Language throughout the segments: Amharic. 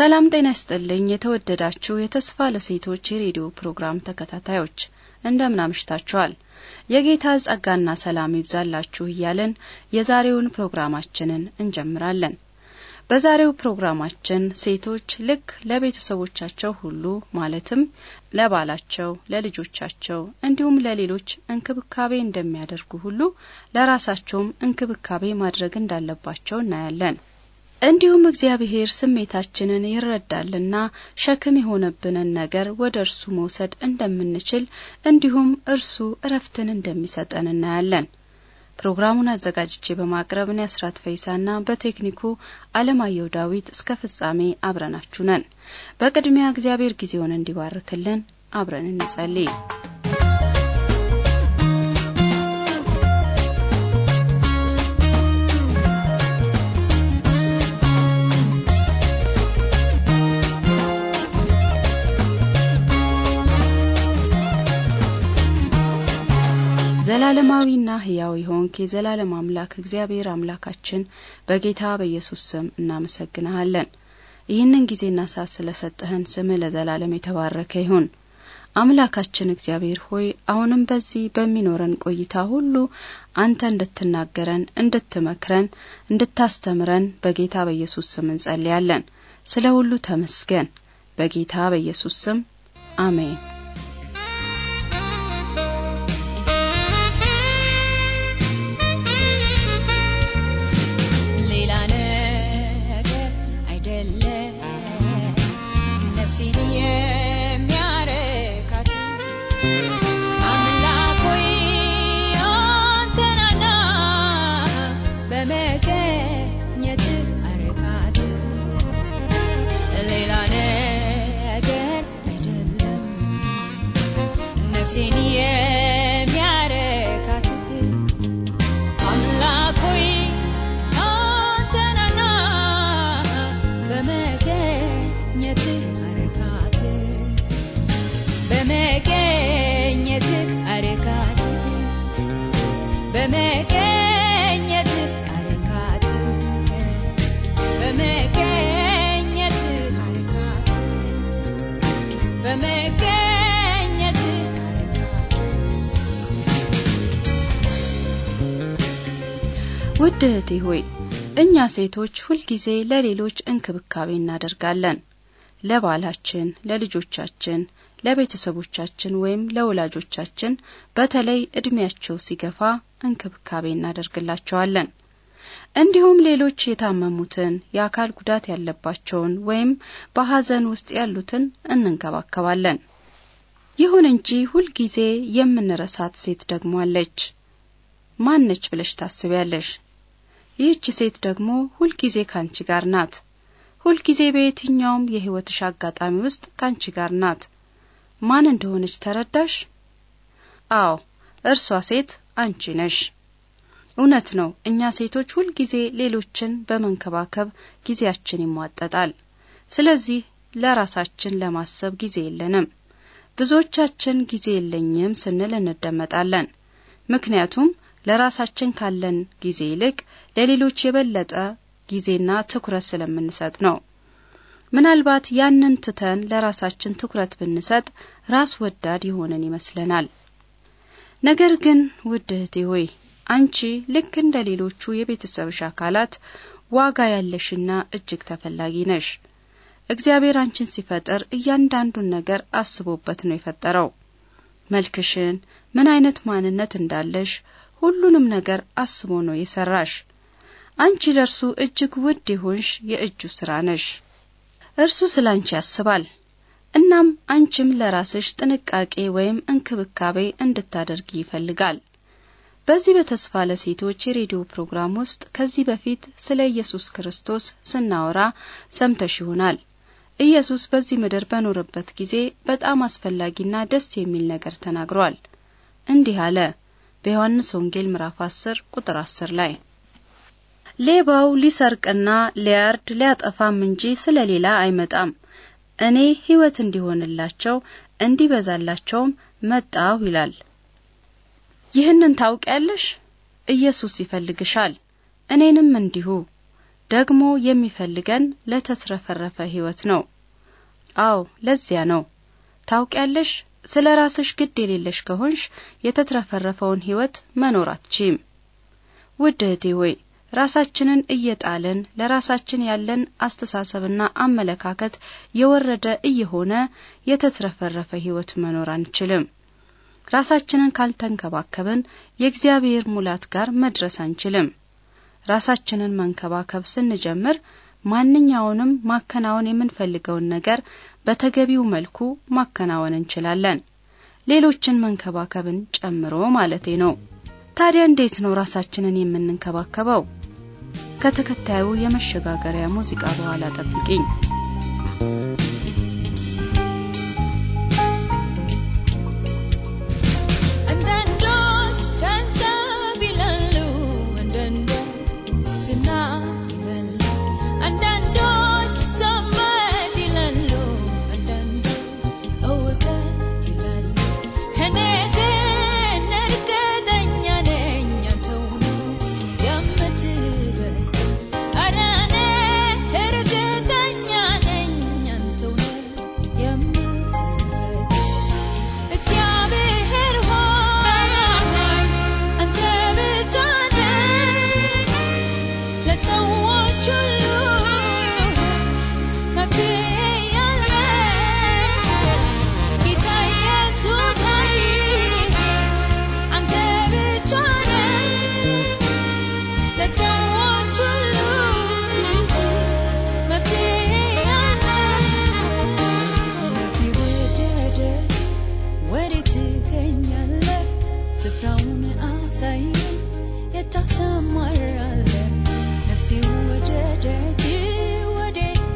ሰላም ጤና ይስጥልኝ። የተወደዳችሁ የተስፋ ለሴቶች የሬዲዮ ፕሮግራም ተከታታዮች እንደምን አምሽታችኋል? የጌታ ጸጋና ሰላም ይብዛላችሁ እያለን የዛሬውን ፕሮግራማችንን እንጀምራለን። በዛሬው ፕሮግራማችን ሴቶች ልክ ለቤተሰቦቻቸው ሁሉ ማለትም ለባላቸው፣ ለልጆቻቸው እንዲሁም ለሌሎች እንክብካቤ እንደሚያደርጉ ሁሉ ለራሳቸውም እንክብካቤ ማድረግ እንዳለባቸው እናያለን። እንዲሁም እግዚአብሔር ስሜታችንን ይረዳልና ሸክም የሆነብንን ነገር ወደ እርሱ መውሰድ እንደምንችል እንዲሁም እርሱ እረፍትን እንደሚሰጠን እናያለን። ፕሮግራሙን አዘጋጅቼ በማቅረብ እኔ አስራት ፈይሳና በቴክኒኩ አለማየሁ ዳዊት እስከ ፍጻሜ አብረናችሁ ነን። በቅድሚያ እግዚአብሔር ጊዜውን እንዲባርክልን አብረን እንጸልይ። ዘላለማዊና ሕያው የሆንክ የዘላለም አምላክ እግዚአብሔር አምላካችን በጌታ በኢየሱስ ስም እናመሰግንሃለን። ይህንን ጊዜና ሰዓት ስለ ሰጠህን ስም ለዘላለም የተባረከ ይሁን። አምላካችን እግዚአብሔር ሆይ አሁንም በዚህ በሚኖረን ቆይታ ሁሉ አንተ እንድትናገረን፣ እንድትመክረን፣ እንድታስተምረን በጌታ በኢየሱስ ስም እንጸልያለን። ስለ ሁሉ ተመስገን። በጌታ በኢየሱስ ስም አሜን። ሆይ እኛ ሴቶች ሁልጊዜ ለሌሎች እንክብካቤ እናደርጋለን። ለባላችን፣ ለልጆቻችን፣ ለቤተሰቦቻችን ወይም ለወላጆቻችን በተለይ እድሜያቸው ሲገፋ እንክብካቤ እናደርግላቸዋለን። እንዲሁም ሌሎች የታመሙትን፣ የአካል ጉዳት ያለባቸውን ወይም በሐዘን ውስጥ ያሉትን እንንከባከባለን። ይሁን እንጂ ሁልጊዜ የምንረሳት ሴት ደግሞ አለች። ማነች ብለሽ ታስቢያለሽ? ይህች ሴት ደግሞ ሁልጊዜ ካንቺ ጋር ናት። ሁልጊዜ በየትኛውም የሕይወትሽ አጋጣሚ ውስጥ ካንቺ ጋር ናት። ማን እንደሆነች ተረዳሽ? አዎ፣ እርሷ ሴት አንቺ ነሽ። እውነት ነው። እኛ ሴቶች ሁልጊዜ ሌሎችን በመንከባከብ ጊዜያችን ይሟጠጣል። ስለዚህ ለራሳችን ለማሰብ ጊዜ የለንም። ብዙዎቻችን ጊዜ የለኝም ስንል እንደመጣለን። ምክንያቱም ለራሳችን ካለን ጊዜ ይልቅ ለሌሎች የበለጠ ጊዜና ትኩረት ስለምንሰጥ ነው። ምናልባት ያንን ትተን ለራሳችን ትኩረት ብንሰጥ ራስ ወዳድ የሆንን ይመስለናል። ነገር ግን ውድ እህቴ ሆይ አንቺ ልክ እንደ ሌሎቹ የቤተሰብሽ አካላት ዋጋ ያለሽና እጅግ ተፈላጊ ነሽ። እግዚአብሔር አንቺን ሲፈጥር እያንዳንዱን ነገር አስቦበት ነው የፈጠረው። መልክሽን፣ ምን አይነት ማንነት እንዳለሽ፣ ሁሉንም ነገር አስቦ ነው የሰራሽ። አንቺ ለእርሱ እጅግ ውድ የሆንሽ የእጁ ሥራ ነሽ። እርሱ ስለ አንቺ ያስባል። እናም አንቺም ለራስሽ ጥንቃቄ ወይም እንክብካቤ እንድታደርጊ ይፈልጋል። በዚህ በተስፋ ለሴቶች የሬዲዮ ፕሮግራም ውስጥ ከዚህ በፊት ስለ ኢየሱስ ክርስቶስ ስናወራ ሰምተሽ ይሆናል። ኢየሱስ በዚህ ምድር በኖረበት ጊዜ በጣም አስፈላጊና ደስ የሚል ነገር ተናግሯል። እንዲህ አለ፦ በዮሐንስ ወንጌል ምዕራፍ 10 ቁጥር 10 ላይ ሌባው ሊሰርቅና ሊያርድ ሊያጠፋም እንጂ ስለሌላ አይመጣም። እኔ ሕይወት እንዲሆንላቸው እንዲበዛላቸውም መጣሁ ይላል። ይህንን ታውቂያለሽ? ኢየሱስ ይፈልግሻል፣ እኔንም እንዲሁ። ደግሞ የሚፈልገን ለተትረፈረፈ ሕይወት ነው። አዎ፣ ለዚያ ነው። ታውቂያለሽ ስለ ራስሽ ግድ የሌለሽ ከሆንሽ የተትረፈረፈውን ሕይወት መኖር አትችም። ውድ እህቴ ሆይ ራሳችንን እየጣልን ለራሳችን ያለን አስተሳሰብና አመለካከት የወረደ እየሆነ የተትረፈረፈ ሕይወት መኖር አንችልም። ራሳችንን ካልተንከባከብን የእግዚአብሔር ሙላት ጋር መድረስ አንችልም። ራሳችንን መንከባከብ ስንጀምር ማንኛውንም ማከናወን የምንፈልገውን ነገር በተገቢው መልኩ ማከናወን እንችላለን። ሌሎችን መንከባከብን ጨምሮ ማለቴ ነው። ታዲያ እንዴት ነው ራሳችንን የምንንከባከበው? ከተከታዩ የመሸጋገሪያ ሙዚቃ በኋላ ጠብቂኝ። ነፍሴ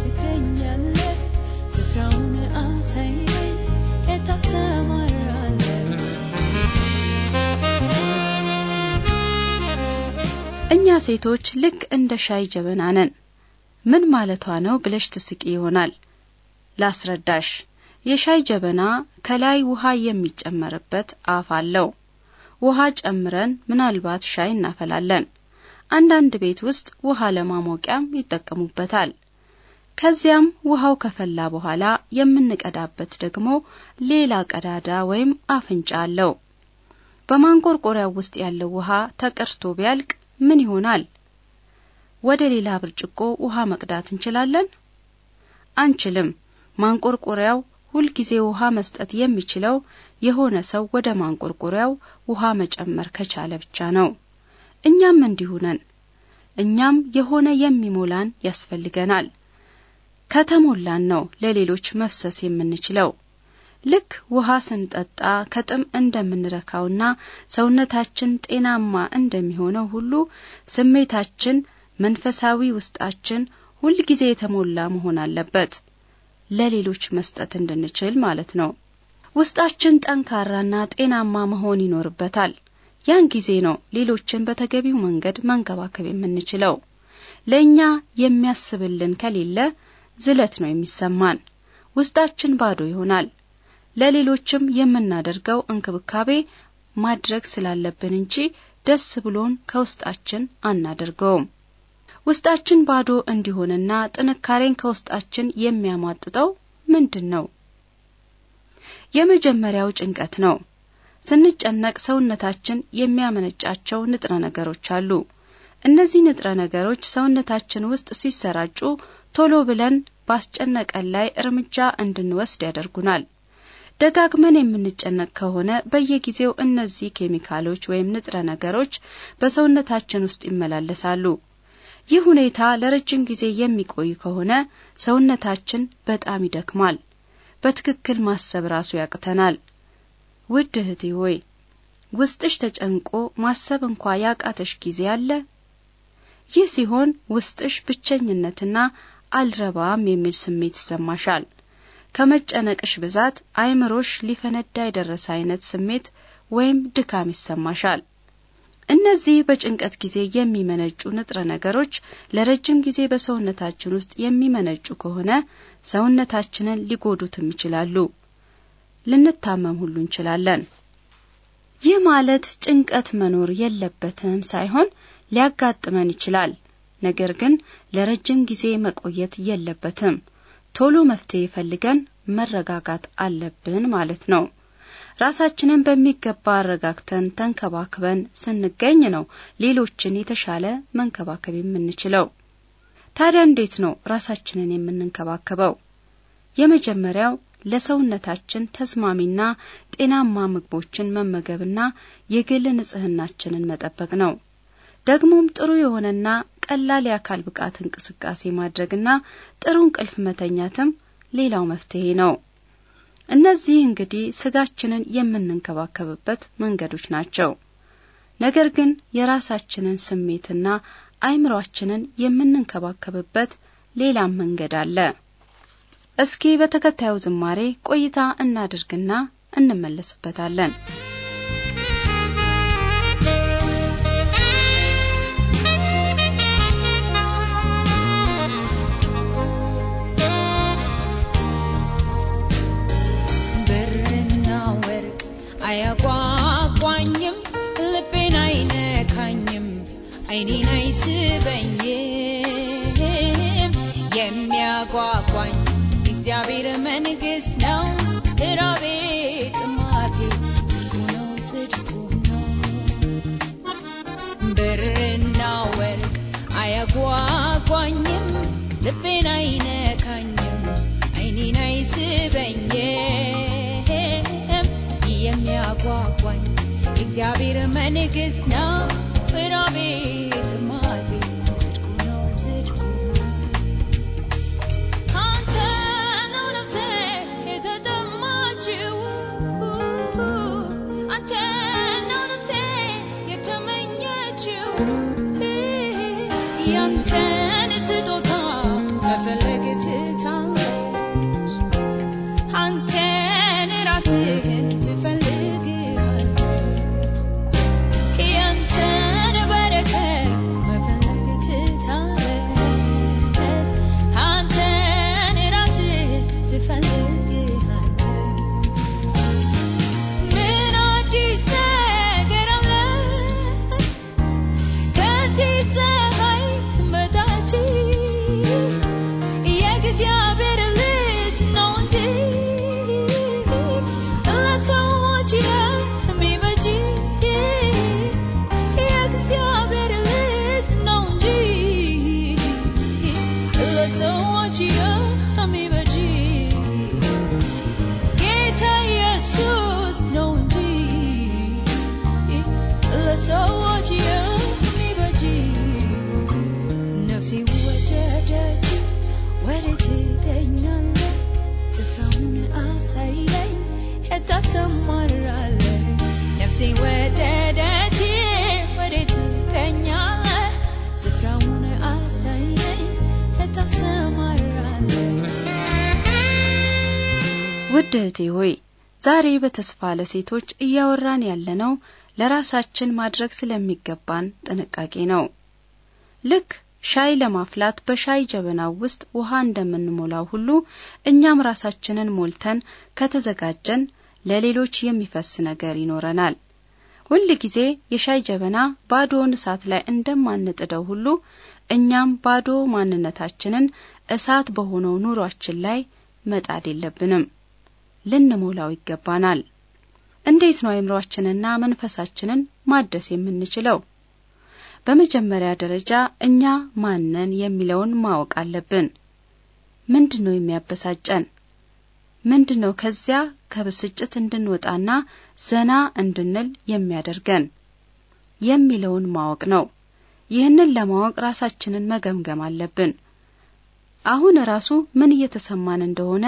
ትገኛለ ስፍራውን እኛ ሴቶች ልክ እንደ ሻይ ጀበና ነን ምን ማለቷ ነው ብለሽ ትስቂ ይሆናል ላስረዳሽ የሻይ ጀበና ከላይ ውሃ የሚጨመርበት አፍ አለው ውሃ ጨምረን ምናልባት ሻይ እናፈላለን። አንዳንድ ቤት ውስጥ ውሃ ለማሞቂያም ይጠቀሙበታል። ከዚያም ውሃው ከፈላ በኋላ የምንቀዳበት ደግሞ ሌላ ቀዳዳ ወይም አፍንጫ አለው። በማንቆርቆሪያው ውስጥ ያለው ውሃ ተቀርቶ ቢያልቅ ምን ይሆናል? ወደ ሌላ ብርጭቆ ውሃ መቅዳት እንችላለን? አንችልም። ማንቆርቆሪያው ሁልጊዜ ውሃ መስጠት የሚችለው የሆነ ሰው ወደ ማንቆርቆሪያው ውሃ መጨመር ከቻለ ብቻ ነው። እኛም እንዲሁ ነን። እኛም የሆነ የሚሞላን ያስፈልገናል። ከተሞላን ነው ለሌሎች መፍሰስ የምንችለው። ልክ ውሃ ስንጠጣ ከጥም እንደምንረካውና ሰውነታችን ጤናማ እንደሚሆነው ሁሉ ስሜታችን፣ መንፈሳዊ ውስጣችን ሁልጊዜ የተሞላ መሆን አለበት። ለሌሎች መስጠት እንድንችል ማለት ነው። ውስጣችን ጠንካራና ጤናማ መሆን ይኖርበታል። ያን ጊዜ ነው ሌሎችን በተገቢው መንገድ መንከባከብ የምንችለው። ለእኛ የሚያስብልን ከሌለ ዝለት ነው የሚሰማን፣ ውስጣችን ባዶ ይሆናል። ለሌሎችም የምናደርገው እንክብካቤ ማድረግ ስላለብን እንጂ ደስ ብሎን ከውስጣችን አናደርገውም። ውስጣችን ባዶ እንዲሆንና ጥንካሬን ከውስጣችን የሚያሟጥጠው ምንድን ነው? የመጀመሪያው ጭንቀት ነው። ስንጨነቅ ሰውነታችን የሚያመነጫቸው ንጥረ ነገሮች አሉ። እነዚህ ንጥረ ነገሮች ሰውነታችን ውስጥ ሲሰራጩ ቶሎ ብለን ባስጨነቀን ላይ እርምጃ እንድንወስድ ያደርጉናል። ደጋግመን የምንጨነቅ ከሆነ በየጊዜው እነዚህ ኬሚካሎች ወይም ንጥረ ነገሮች በሰውነታችን ውስጥ ይመላለሳሉ። ይህ ሁኔታ ለረጅም ጊዜ የሚቆይ ከሆነ ሰውነታችን በጣም ይደክማል፣ በትክክል ማሰብ ራሱ ያቅተናል። ውድ እህቴ ሆይ ውስጥሽ ተጨንቆ ማሰብ እንኳ ያቃተሽ ጊዜ አለ። ይህ ሲሆን ውስጥሽ ብቸኝነትና አልረባም የሚል ስሜት ይሰማሻል። ከመጨነቅሽ ብዛት አይምሮሽ ሊፈነዳ የደረሰ አይነት ስሜት ወይም ድካም ይሰማሻል። እነዚህ በጭንቀት ጊዜ የሚመነጩ ንጥረ ነገሮች ለረጅም ጊዜ በሰውነታችን ውስጥ የሚመነጩ ከሆነ ሰውነታችንን ሊጎዱትም ይችላሉ። ልንታመም ሁሉ እንችላለን። ይህ ማለት ጭንቀት መኖር የለበትም ሳይሆን ሊያጋጥመን ይችላል፣ ነገር ግን ለረጅም ጊዜ መቆየት የለበትም። ቶሎ መፍትሄ ፈልገን መረጋጋት አለብን ማለት ነው። ራሳችንን በሚገባ አረጋግተን ተንከባክበን ስንገኝ ነው ሌሎችን የተሻለ መንከባከብ የምንችለው። ታዲያ እንዴት ነው ራሳችንን የምንንከባከበው? የመጀመሪያው ለሰውነታችን ተስማሚና ጤናማ ምግቦችን መመገብና የግል ንጽህናችንን መጠበቅ ነው። ደግሞም ጥሩ የሆነና ቀላል የአካል ብቃት እንቅስቃሴ ማድረግና ጥሩ እንቅልፍ መተኛትም ሌላው መፍትሄ ነው። እነዚህ እንግዲህ ስጋችንን የምንንከባከብበት መንገዶች ናቸው። ነገር ግን የራሳችንን ስሜትና አይምሯችንን የምንንከባከብበት ሌላም መንገድ አለ። እስኪ በተከታዩ ዝማሬ ቆይታ እናድርግና እንመለስበታለን። እኔን አይስበኝም የሚያጓጓኝ እግዚአብሔር መንግሥት ነው እራቤ ጥማቴ ጽድቁ ነው ጽድቁ ነው ብርና ወርቅ አያጓጓኝም ልቤን አይነካኝም አይኔን አይስበኝም የሚያጓጓኝ እግዚአብሔር መንግሥት ነው Wait on me tomorrow. ውድ እህቴ ሆይ ዛሬ በተስፋ ለሴቶች እያወራን ያለነው ለራሳችን ማድረግ ስለሚገባን ጥንቃቄ ነው። ልክ ሻይ ለማፍላት በሻይ ጀበናው ውስጥ ውሃ እንደምንሞላው ሁሉ እኛም ራሳችንን ሞልተን ከተዘጋጀን ለሌሎች የሚፈስ ነገር ይኖረናል። ሁል ጊዜ የሻይ ጀበና ባዶውን እሳት ላይ እንደማንጥደው ሁሉ እኛም ባዶ ማንነታችንን እሳት በሆነው ኑሯችን ላይ መጣድ የለብንም። ልንሞላው ይገባናል። እንዴት ነው አእምሯችንና መንፈሳችንን ማደስ የምንችለው? በመጀመሪያ ደረጃ እኛ ማንን የሚለውን ማወቅ አለብን። ምንድን ነው የሚያበሳጨን? ምንድን ነው ከዚያ ከብስጭት እንድንወጣና ዘና እንድንል የሚያደርገን የሚለውን ማወቅ ነው። ይህንን ለማወቅ ራሳችንን መገምገም አለብን። አሁን ራሱ ምን እየተሰማን እንደሆነ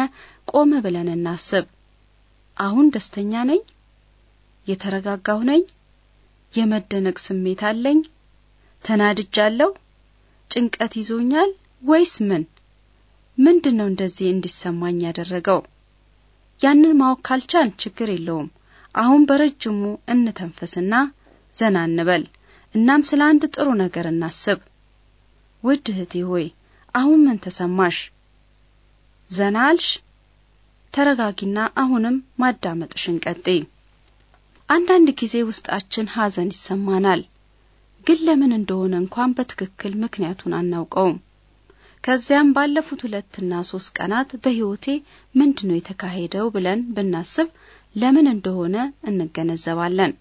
ቆመ ብለን እናስብ። አሁን ደስተኛ ነኝ? የተረጋጋሁ ነኝ? የመደነቅ ስሜት አለኝ? ተናድጃለሁ? ጭንቀት ይዞኛል ወይስ ምን? ምንድን ነው እንደዚህ እንዲሰማኝ ያደረገው? ያንን ማወቅ ካልቻል ችግር የለውም። አሁን በረጅሙ እንተንፈስና ዘና እንበል። እናም ስለ አንድ ጥሩ ነገር እናስብ። ውድ እህቴ ሆይ አሁን ምን ተሰማሽ? ዘናልሽ አልሽ? ተረጋጊና አሁንም ማዳመጥሽን ቀጥይ። አንዳንድ ጊዜ ውስጣችን ሐዘን ይሰማናል፣ ግን ለምን እንደሆነ እንኳን በትክክል ምክንያቱን አናውቀውም። ከዚያም ባለፉት ሁለትና ሶስት ቀናት በሕይወቴ ምንድነው የተካሄደው ብለን ብናስብ ለምን እንደሆነ እንገነዘባለን።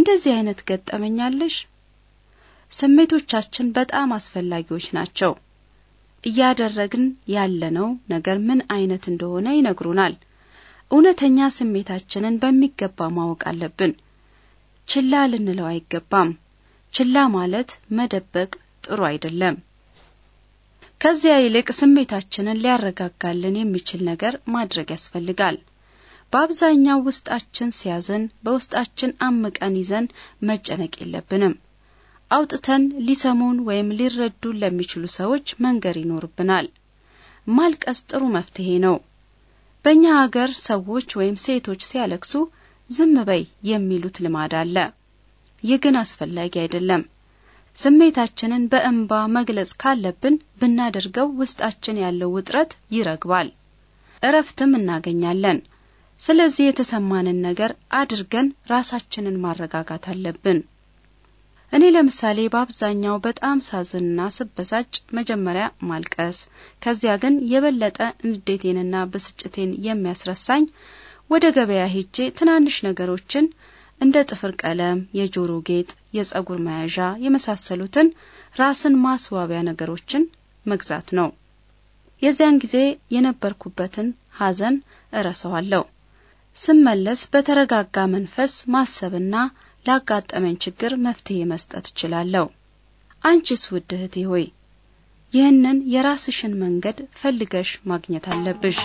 እንደዚህ አይነት ገጠመኛለሽ? ስሜቶቻችን በጣም አስፈላጊዎች ናቸው። እያደረግን ያለነው ነገር ምን አይነት እንደሆነ ይነግሩናል። እውነተኛ ስሜታችንን በሚገባ ማወቅ አለብን። ችላ ልንለው አይገባም። ችላ ማለት መደበቅ ጥሩ አይደለም። ከዚያ ይልቅ ስሜታችንን ሊያረጋጋልን የሚችል ነገር ማድረግ ያስፈልጋል። በአብዛኛው ውስጣችን ሲያዝን በውስጣችን አምቀን ይዘን መጨነቅ የለብንም። አውጥተን ሊሰሙን ወይም ሊረዱን ለሚችሉ ሰዎች መንገር ይኖርብናል። ማልቀስ ጥሩ መፍትሄ ነው። በእኛ አገር ሰዎች ወይም ሴቶች ሲያለቅሱ ዝም በይ የሚሉት ልማድ አለ። ይህ ግን አስፈላጊ አይደለም። ስሜታችንን በእንባ መግለጽ ካለብን ብናደርገው ውስጣችን ያለው ውጥረት ይረግባል፣ እረፍትም እናገኛለን። ስለዚህ የተሰማንን ነገር አድርገን ራሳችንን ማረጋጋት አለብን። እኔ ለምሳሌ በአብዛኛው በጣም ሳዝንና ስበሳጭ መጀመሪያ ማልቀስ፣ ከዚያ ግን የበለጠ ንዴቴንና ብስጭቴን የሚያስረሳኝ ወደ ገበያ ሄጄ ትናንሽ ነገሮችን እንደ ጥፍር ቀለም፣ የጆሮ ጌጥ፣ የጸጉር መያዣ የመሳሰሉትን ራስን ማስዋቢያ ነገሮችን መግዛት ነው። የዚያን ጊዜ የነበርኩበትን ሐዘን እረሳዋለሁ። ስመለስ በተረጋጋ መንፈስ ማሰብና ላጋጠመኝ ችግር መፍትሄ መስጠት እችላለሁ። አንቺስ ውድ እህቴ ሆይ ይህንን የራስሽን መንገድ ፈልገሽ ማግኘት አለብሽ።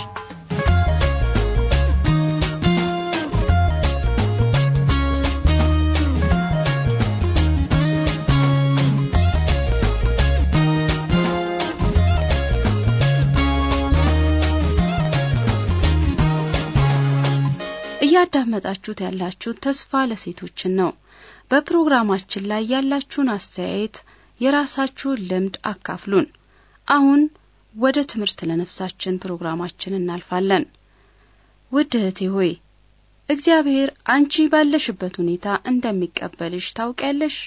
እያዳመጣችሁት ያላችሁት ተስፋ ለሴቶችን ነው። በፕሮግራማችን ላይ ያላችሁን አስተያየት፣ የራሳችሁን ልምድ አካፍሉን። አሁን ወደ ትምህርት ለነፍሳችን ፕሮግራማችን እናልፋለን። ውድ እህቴ ሆይ እግዚአብሔር አንቺ ባለሽበት ሁኔታ እንደሚቀበልሽ ታውቂያለሽ።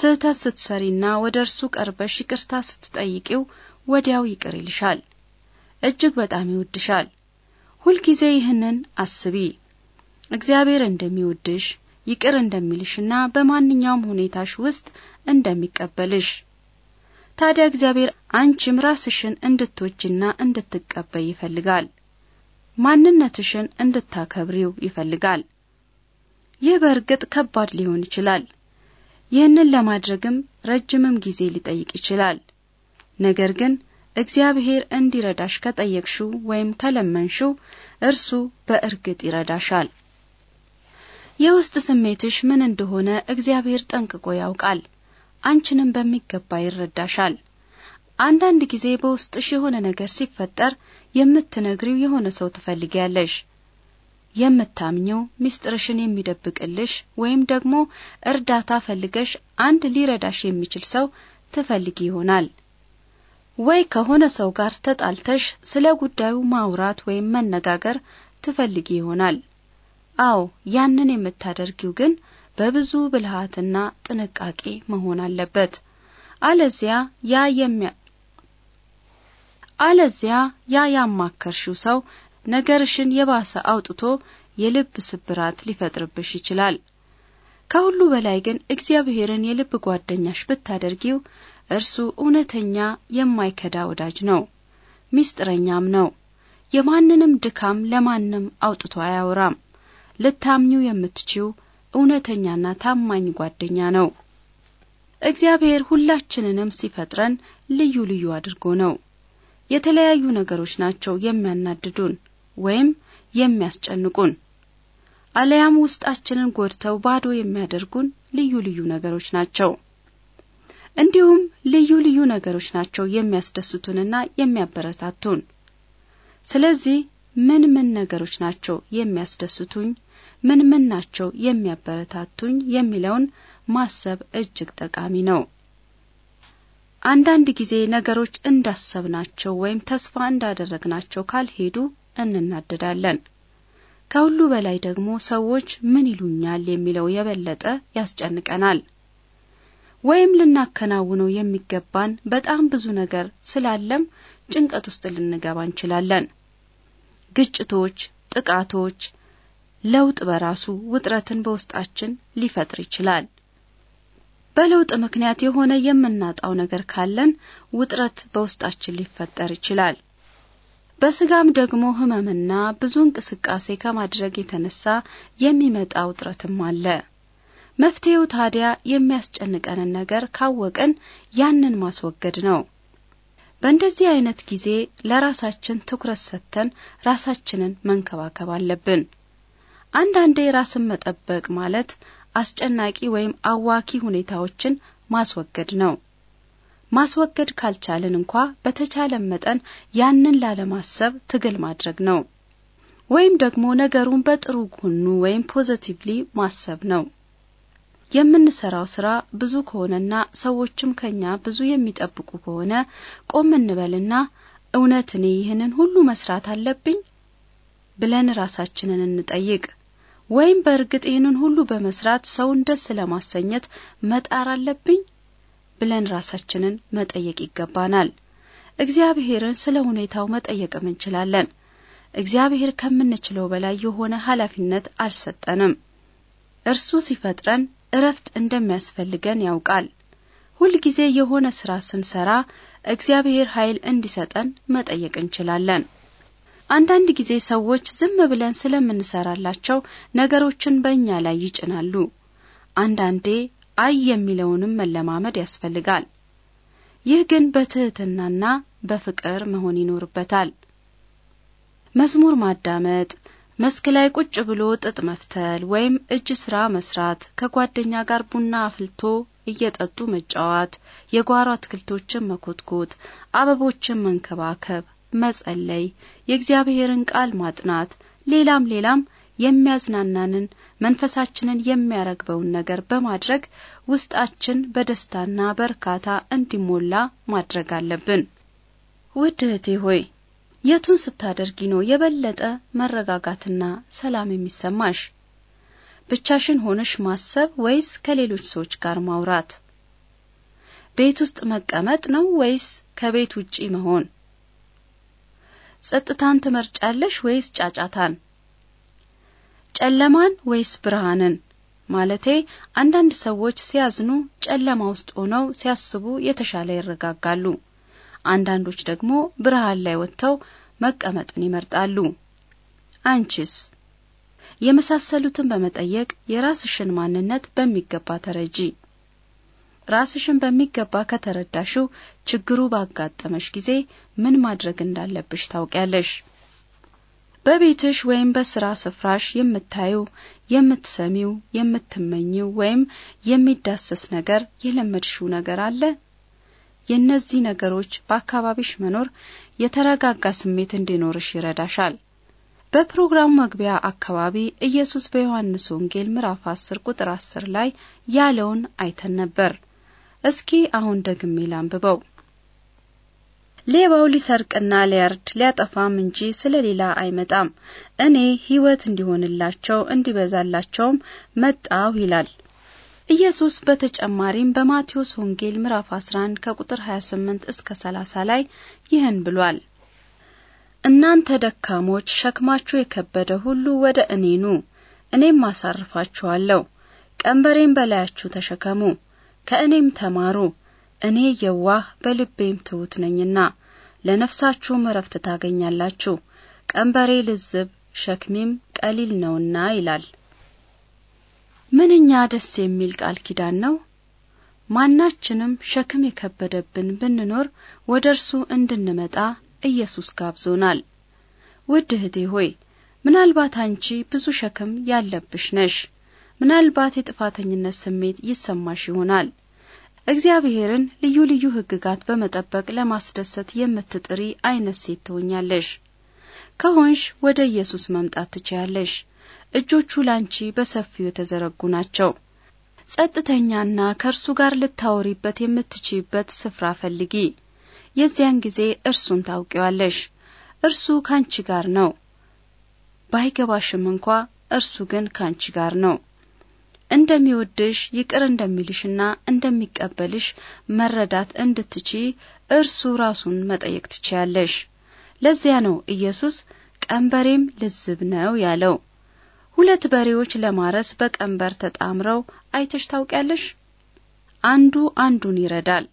ስህተት ስትሰሪና ወደ እርሱ ቀርበሽ ይቅርታ ስትጠይቂው ወዲያው ይቅር ይልሻል። እጅግ በጣም ይወድሻል። ሁልጊዜ ይህንን አስቢ። እግዚአብሔር እንደሚወድሽ ይቅር እንደሚልሽና በማንኛውም ሁኔታሽ ውስጥ እንደሚቀበልሽ ታዲያ እግዚአብሔር አንቺም ራስሽን እንድትወጅና እንድትቀበይ ይፈልጋል። ማንነትሽን እንድታከብሪው ይፈልጋል። ይህ በእርግጥ ከባድ ሊሆን ይችላል። ይህንን ለማድረግም ረጅምም ጊዜ ሊጠይቅ ይችላል። ነገር ግን እግዚአብሔር እንዲረዳሽ ከጠየቅሽው ወይም ከለመንሽው እርሱ በእርግጥ ይረዳሻል። የውስጥ ስሜትሽ ምን እንደሆነ እግዚአብሔር ጠንቅቆ ያውቃል። አንቺንም በሚገባ ይረዳሻል። አንዳንድ ጊዜ በውስጥሽ የሆነ ነገር ሲፈጠር የምትነግሪው የሆነ ሰው ትፈልጊያለሽ። የምታምኚው ምስጢርሽን የሚደብቅልሽ ወይም ደግሞ እርዳታ ፈልገሽ አንድ ሊረዳሽ የሚችል ሰው ትፈልጊ ይሆናል። ወይ ከሆነ ሰው ጋር ተጣልተሽ ስለ ጉዳዩ ማውራት ወይም መነጋገር ትፈልጊ ይሆናል። አዎ ያንን የምታደርጊው ግን በብዙ ብልሃትና ጥንቃቄ መሆን አለበት። አለዚያ ያ የሚያ አለዚያ ያ ያማከርሽው ሰው ነገርሽን የባሰ አውጥቶ የልብ ስብራት ሊፈጥርብሽ ይችላል። ከሁሉ በላይ ግን እግዚአብሔርን የልብ ጓደኛሽ ብታደርጊው እርሱ እውነተኛ የማይከዳ ወዳጅ ነው፣ ሚስጥረኛም ነው። የማንንም ድካም ለማንም አውጥቶ አያወራም። ልታምኙ የምትችው እውነተኛና ታማኝ ጓደኛ ነው። እግዚአብሔር ሁላችንንም ሲፈጥረን ልዩ ልዩ አድርጎ ነው። የተለያዩ ነገሮች ናቸው የሚያናድዱን ወይም የሚያስጨንቁን አለያም ውስጣችንን ጎድተው ባዶ የሚያደርጉን ልዩ ልዩ ነገሮች ናቸው። እንዲሁም ልዩ ልዩ ነገሮች ናቸው የሚያስደስቱንና የሚያበረታቱን። ስለዚህ ምን ምን ነገሮች ናቸው የሚያስደስቱኝ ምን ምን ናቸው የሚያበረታቱኝ የሚለውን ማሰብ እጅግ ጠቃሚ ነው። አንዳንድ ጊዜ ነገሮች እንዳሰብናቸው ወይም ተስፋ እንዳደረግናቸው ካልሄዱ እንናደዳለን። ከሁሉ በላይ ደግሞ ሰዎች ምን ይሉኛል የሚለው የበለጠ ያስጨንቀናል። ወይም ልናከናውነው የሚገባን በጣም ብዙ ነገር ስላለም ጭንቀት ውስጥ ልንገባ እንችላለን። ግጭቶች፣ ጥቃቶች፣ ለውጥ በራሱ ውጥረትን በውስጣችን ሊፈጥር ይችላል። በለውጥ ምክንያት የሆነ የምናጣው ነገር ካለን ውጥረት በውስጣችን ሊፈጠር ይችላል። በስጋም ደግሞ ህመምና ብዙ እንቅስቃሴ ከማድረግ የተነሳ የሚመጣ ውጥረትም አለ። መፍትሄው ታዲያ የሚያስጨንቀንን ነገር ካወቅን ያንን ማስወገድ ነው። በእንደዚህ አይነት ጊዜ ለራሳችን ትኩረት ሰጥተን ራሳችንን መንከባከብ አለብን። አንዳንዴ ራስን መጠበቅ ማለት አስጨናቂ ወይም አዋኪ ሁኔታዎችን ማስወገድ ነው። ማስወገድ ካልቻልን እንኳ በተቻለን መጠን ያንን ላለማሰብ ትግል ማድረግ ነው። ወይም ደግሞ ነገሩን በጥሩ ጎኑ ወይም ፖዘቲቭሊ ማሰብ ነው። የምንሰራው ስራ ብዙ ከሆነና ሰዎችም ከኛ ብዙ የሚጠብቁ ከሆነ ቆም እንበልና እውነት እኔ ይህንን ሁሉ መስራት አለብኝ ብለን ራሳችንን እንጠይቅ። ወይም በእርግጥ ይህንን ሁሉ በመስራት ሰውን ደስ ለማሰኘት መጣር አለብኝ ብለን ራሳችንን መጠየቅ ይገባናል። እግዚአብሔርን ስለ ሁኔታው መጠየቅም እንችላለን። እግዚአብሔር ከምንችለው በላይ የሆነ ኃላፊነት አልሰጠንም። እርሱ ሲፈጥረን እረፍት እንደሚያስፈልገን ያውቃል። ሁልጊዜ የሆነ ስራ ስንሰራ እግዚአብሔር ኃይል እንዲሰጠን መጠየቅ እንችላለን። አንዳንድ ጊዜ ሰዎች ዝም ብለን ስለምንሰራላቸው ነገሮችን በእኛ ላይ ይጭናሉ። አንዳንዴ አይ የሚለውንም መለማመድ ያስፈልጋል። ይህ ግን በትህትናና በፍቅር መሆን ይኖርበታል። መዝሙር ማዳመጥ፣ መስክ ላይ ቁጭ ብሎ ጥጥ መፍተል ወይም እጅ ስራ መስራት፣ ከጓደኛ ጋር ቡና አፍልቶ እየጠጡ መጫወት፣ የጓሮ አትክልቶችን መኮትኮት፣ አበቦችን መንከባከብ መጸለይ፣ የእግዚአብሔርን ቃል ማጥናት፣ ሌላም ሌላም የሚያዝናናንን መንፈሳችንን የሚያረግበውን ነገር በማድረግ ውስጣችን በደስታና በእርካታ እንዲሞላ ማድረግ አለብን። ውድ እህቴ ሆይ የቱን ስታደርጊ ነው የበለጠ መረጋጋትና ሰላም የሚሰማሽ? ብቻሽን ሆነሽ ማሰብ ወይስ ከሌሎች ሰዎች ጋር ማውራት? ቤት ውስጥ መቀመጥ ነው ወይስ ከቤት ውጪ መሆን? ጸጥታን ትመርጫለሽ ወይስ ጫጫታን? ጨለማን ወይስ ብርሃንን? ማለቴ አንዳንድ ሰዎች ሲያዝኑ ጨለማ ውስጥ ሆነው ሲያስቡ የተሻለ ይረጋጋሉ። አንዳንዶች ደግሞ ብርሃን ላይ ወጥተው መቀመጥን ይመርጣሉ። አንቺስ? የመሳሰሉትን በመጠየቅ የራስሽን ማንነት በሚገባ ተረጂ። ራስሽን በሚገባ ከተረዳሽው ችግሩ ባጋጠመሽ ጊዜ ምን ማድረግ እንዳለብሽ ታውቂያለሽ። በቤትሽ ወይም በስራ ስፍራሽ የምታዩ፣ የምትሰሚው፣ የምትመኝው ወይም የሚዳሰስ ነገር የለመድሽው ነገር አለ። የእነዚህ ነገሮች በአካባቢሽ መኖር የተረጋጋ ስሜት እንዲኖርሽ ይረዳሻል። በፕሮግራሙ መግቢያ አካባቢ ኢየሱስ በዮሐንስ ወንጌል ምዕራፍ 10 ቁጥር 10 ላይ ያለውን አይተን ነበር። እስኪ አሁን ደግሜ ላንብበው። ሌባው ሊሰርቅና ሊያርድ ሊያጠፋም እንጂ ስለ ሌላ አይመጣም። እኔ ሕይወት እንዲሆንላቸው እንዲበዛላቸውም መጣሁ ይላል ኢየሱስ። በተጨማሪም በማቴዎስ ወንጌል ምዕራፍ 11 ከቁጥር 28 እስከ 30 ላይ ይህን ብሏል። እናንተ ደካሞች ሸክማችሁ የከበደ ሁሉ ወደ እኔ ኑ፣ እኔም አሳርፋችኋለሁ። ቀንበሬን በላያችሁ ተሸከሙ ከእኔም ተማሩ እኔ የዋህ በልቤም ትሑት ነኝና ለነፍሳችሁም እረፍት ታገኛላችሁ። ቀንበሬ ልዝብ ሸክሜም ቀሊል ነውና ይላል። ምንኛ ደስ የሚል ቃል ኪዳን ነው! ማናችንም ሸክም የከበደብን ብንኖር ወደ እርሱ እንድንመጣ ኢየሱስ ጋብዞናል። ውድ እህቴ ሆይ ምናልባት አንቺ ብዙ ሸክም ያለብሽ ነሽ። ምናልባት የጥፋተኝነት ስሜት ይሰማሽ ይሆናል። እግዚአብሔርን ልዩ ልዩ ሕግጋት በመጠበቅ ለማስደሰት የምትጥሪ አይነት ሴት ትሆኛለሽ። ከሆንሽ ወደ ኢየሱስ መምጣት ትችያለሽ። እጆቹ ላንቺ በሰፊው የተዘረጉ ናቸው። ጸጥተኛና ከእርሱ ጋር ልታወሪበት የምትችይበት ስፍራ ፈልጊ። የዚያን ጊዜ እርሱን ታውቂዋለሽ። እርሱ ካንቺ ጋር ነው። ባይገባሽም እንኳ እርሱ ግን ካንቺ ጋር ነው። እንደሚወድሽ ይቅር እንደሚልሽና እንደሚቀበልሽ መረዳት እንድትቺ እርሱ ራሱን መጠየቅ ትችያለሽ። ለዚያ ነው ኢየሱስ ቀንበሬም ልዝብ ነው ያለው። ሁለት በሬዎች ለማረስ በቀንበር ተጣምረው አይተሽ ታውቂያለሽ? አንዱ አንዱን ይረዳል።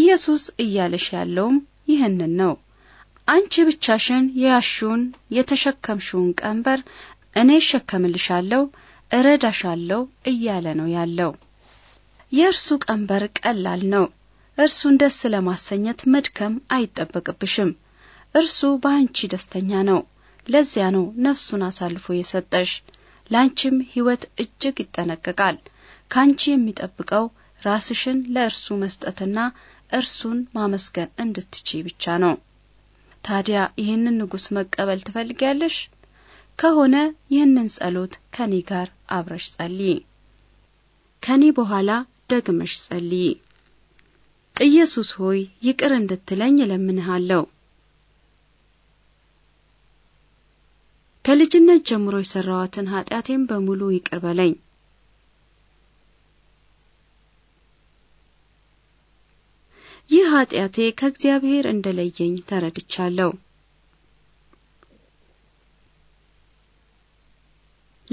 ኢየሱስ እያለሽ ያለውም ይህንን ነው። አንቺ ብቻሽን የያሽውን የተሸከምሽውን ቀንበር እኔ እሸከምልሻለሁ እረዳሻለሁ እያለ ነው ያለው። የእርሱ ቀንበር ቀላል ነው። እርሱን ደስ ለማሰኘት መድከም አይጠበቅብሽም። እርሱ በአንቺ ደስተኛ ነው። ለዚያ ነው ነፍሱን አሳልፎ የሰጠሽ። ላንቺም ሕይወት እጅግ ይጠነቀቃል። ካንቺ የሚጠብቀው ራስሽን ለእርሱ መስጠትና እርሱን ማመስገን እንድትቺ ብቻ ነው። ታዲያ ይህንን ንጉሥ መቀበል ትፈልጊያለሽ? ከሆነ ይህንን ጸሎት ከኔ ጋር አብረሽ ጸልይ። ከኔ በኋላ ደግመሽ ጸልይ። ኢየሱስ ሆይ ይቅር እንድትለኝ እለምንሃለሁ። ከልጅነት ጀምሮ የሰራዋትን ኃጢአቴን በሙሉ ይቅር በለኝ። ይህ ኃጢአቴ ከእግዚአብሔር እንደለየኝ ተረድቻለሁ።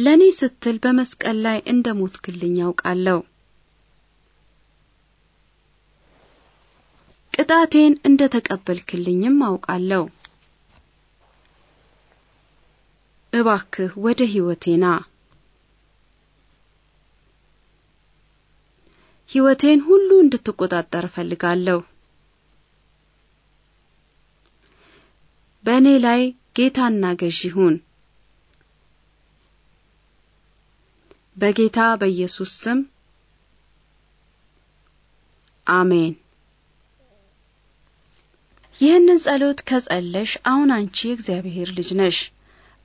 ለእኔ ስትል በመስቀል ላይ እንደ ሞትክልኝ ያውቃለሁ። ቅጣቴን እንደ ተቀበልክልኝም አውቃለሁ። እባክህ ወደ ሕይወቴ ና። ሕይወቴን ሁሉ እንድትቆጣጠር እፈልጋለሁ። በእኔ ላይ ጌታና ገዢ ሁን። በጌታ በኢየሱስ ስም አሜን። ይህንን ጸሎት ከጸለሽ አሁን አንቺ የእግዚአብሔር ልጅ ነሽ።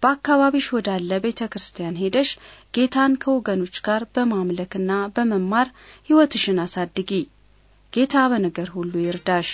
በአካባቢሽ ወዳለ ቤተ ክርስቲያን ሄደሽ ጌታን ከወገኖች ጋር በማምለክና በመማር ሕይወትሽን አሳድጊ። ጌታ በነገር ሁሉ ይርዳሽ።